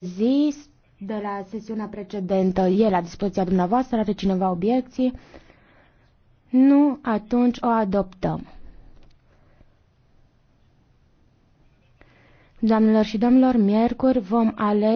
Zis de la sesiunea precedentă e la dispoziția dumneavoastră, are cineva obiecții? Nu, atunci o adoptăm. Doamnelor și domnilor, miercuri vom alege